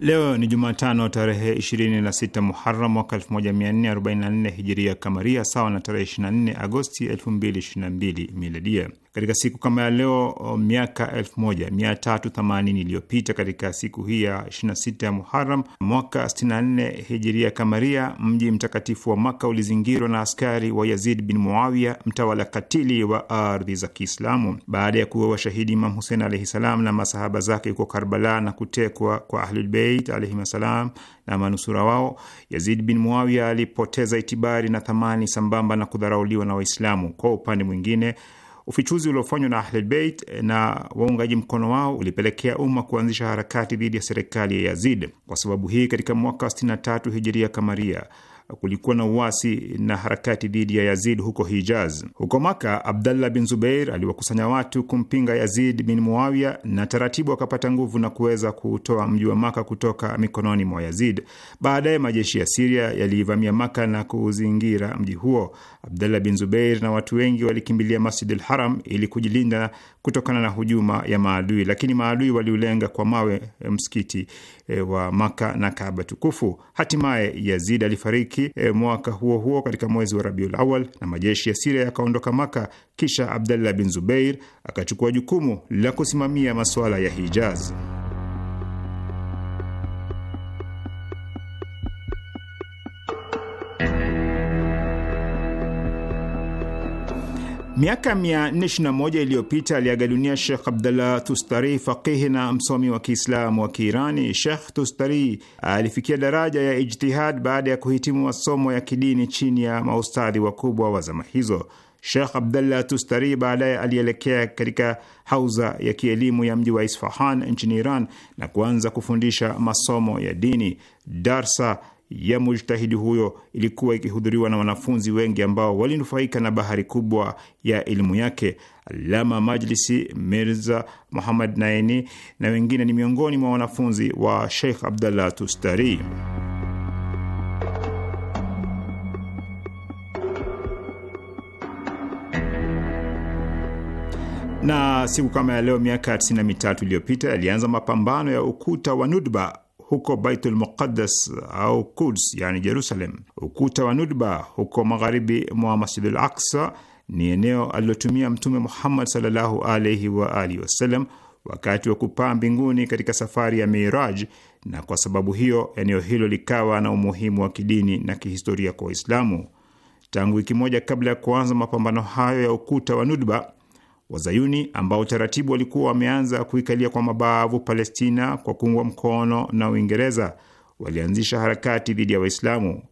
Leo ni Jumatano tarehe 26 Muharam mwaka 1444 hijiria kamaria, sawa na tarehe 24 Agosti 2022 miladia. Katika siku kama ya leo miaka 1380 iliyopita, katika siku hii ya 26 ya Muharam mwaka 64 hijiria kamaria, mji mtakatifu wa Maka ulizingirwa na askari wa Yazid bin Muawiya, mtawala katili wa ardhi za Kiislamu, baada ya kuwa washahidi Imam Husein alaihi salam na masahaba zake huko Karbala na kutekwa kwa Ahlulbeit alaihim salam na manusura wao. Yazid bin Muawiya alipoteza itibari na thamani sambamba na kudharauliwa na Waislamu. Kwa upande mwingine Ufichuzi uliofanywa na Ahlulbeit na waungaji mkono wao ulipelekea umma kuanzisha harakati dhidi ya serikali ya Yazid. Kwa sababu hii, katika mwaka 63 hijiria kamaria kulikuwa na uasi na harakati dhidi ya Yazid huko Hijaz. Huko Maka, Abdallah bin Zubeir aliwakusanya watu kumpinga Yazid bin Muawia, na taratibu akapata nguvu na kuweza kutoa mji wa Maka kutoka mikononi mwa Yazid. Baadaye majeshi ya Siria yaliivamia Maka na kuuzingira mji huo. Abdallah bin Zubeir na watu wengi walikimbilia Masjid al Haram ili kujilinda kutokana na hujuma ya maadui, lakini maadui waliulenga kwa mawe eh, msikiti e, wa Maka na Kaaba tukufu. Hatimaye Yazid alifariki e, mwaka huo huo katika mwezi wa Rabiul Awal na majeshi ya Siria yakaondoka Maka. Kisha Abdallah bin Zubeir akachukua jukumu la kusimamia masuala ya Hijaz. Miaka 421 iliyopita aliaga dunia Shekh Abdallah Tustari, faqihi na msomi wa Kiislamu wa Kiirani. Shekh Tustari alifikia daraja ya ijtihad baada ya kuhitimu masomo ya kidini chini ya maustadhi wakubwa wa zama hizo. Shekh Abdallah Tustari baadaye alielekea katika hauza ya kielimu ya mji wa Isfahan nchini Iran na kuanza kufundisha masomo ya dini darsa ya mujtahidi huyo ilikuwa ikihudhuriwa na wanafunzi wengi ambao walinufaika na bahari kubwa ya elimu yake. Alama Majlisi, Mirza Muhammad Naini na wengine ni miongoni mwa wanafunzi wa Sheikh Abdallah Tustari. Na siku kama ya leo miaka 93 iliyopita yalianza mapambano ya ukuta wa Nudba huko Baitul Muqaddas au Kuds, yani Jerusalem. Ukuta wa Nudba huko magharibi mwa Masjidul Aksa ni eneo alilotumia Mtume Muhammad sallallahu alaihi wa alihi wasallam wakati wa kupaa mbinguni katika safari ya Miraj, na kwa sababu hiyo eneo hilo likawa na umuhimu wa kidini na kihistoria kwa Waislamu. Tangu wiki moja kabla ya kuanza mapambano hayo ya ukuta wa Nudba, Wazayuni ambao taratibu walikuwa wameanza kuikalia kwa mabavu Palestina kwa kuungwa mkono na Uingereza walianzisha harakati dhidi ya Waislamu.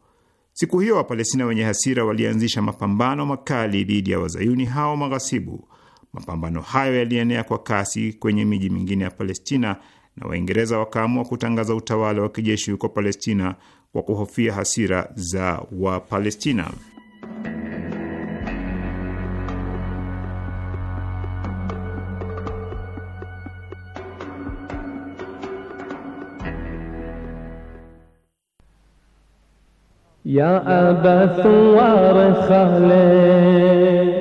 Siku hiyo Wapalestina wenye hasira walianzisha mapambano makali dhidi ya wazayuni hao maghasibu. Mapambano hayo yalienea kwa kasi kwenye miji mingine ya Palestina na Waingereza wakaamua kutangaza utawala wa kijeshi huko Palestina kwa kuhofia hasira za Wapalestina. يا أبا ثوار خالي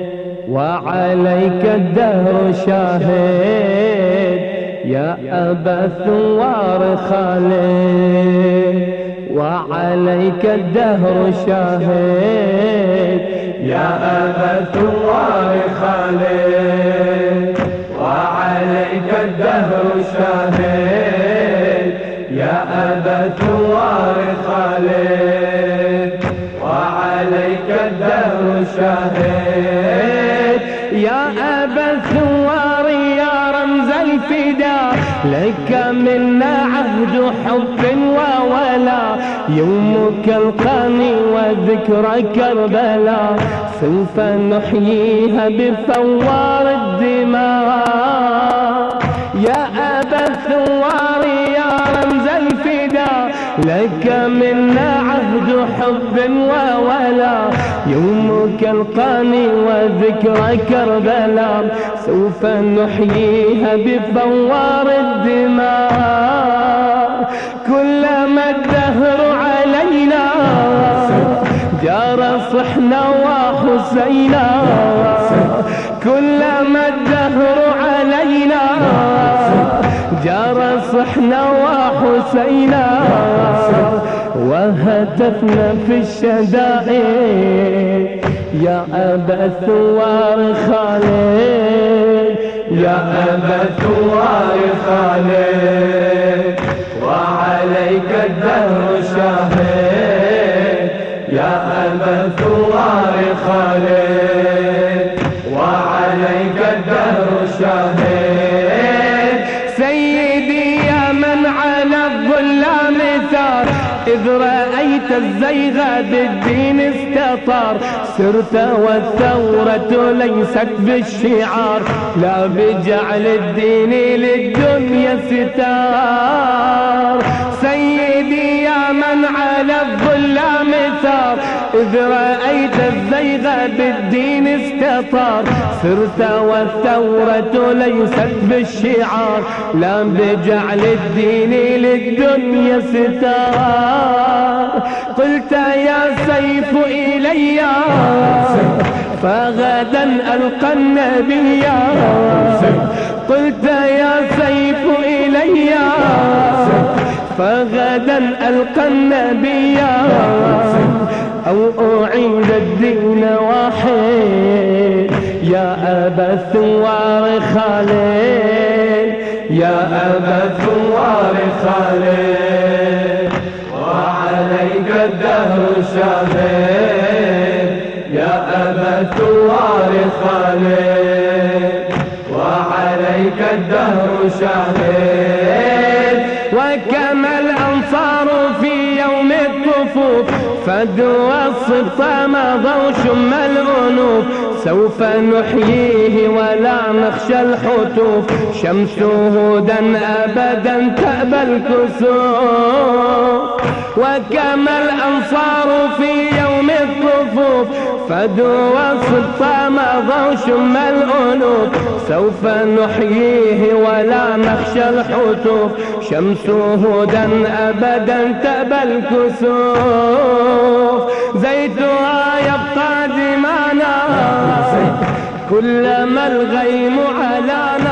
وعليك الدهر شاهد يا أبا ثوار خالي وعليك الدهر شاهد يا أبا ثوار خالي وعليك الدهر شاهد يا أبا ثوار خالي شهيد يا أبا الثوار يا رمز الفدا لك منا عهد حب وولا يومك القاني وذكرى كربلا سوف نحييها بفوار الدماء يا أبا الثوار يا رمز لك منا عهد حب وولا يومك القاني وذكرى كربلا سوف نحييها بفوار الدماء كلما الدهر علينا جار صحنا وحسينا كلما سينا وهتفنا في الشدائد يا أبا الثوار خالد يا أبا الثوار خالد وعليك الدهر شاهد يا أبا الثوار خالد الزيغة بالدين استطار سرت والثورة ليست بالشعار لا بجعل الدين للدنيا ستار سيد من على الظلام ثار إذ رأيت الزيغ بالدين استطار صرت والثورة ليست بالشعار لا بجعل الدين للدنيا ستار قلت يا سيف إلي فغدا ألقى النبي قلت يا سيف إلي فغدا ألقى النبي أو أعيد الدين وحيد يا أبا الثوار خالد يا أبا الثوار خالد وعليك الدهر شاهد يا أبا الثوار خالد وعليك الدهر شاهد وكان فدوى الصبط مضى وشم الأنوف سوف نحييه ولا نخشى الحتوف شمس هدى أبدا تأبى الكسوف وكما الأنصار في يوم الطفوف فدوا وسط مضوا شم الألوف سوف نحييه ولا نخشى الحتوف شمس هدى أبدا تبى الكسوف زيتها يبقى دمانا كلما الغيم نار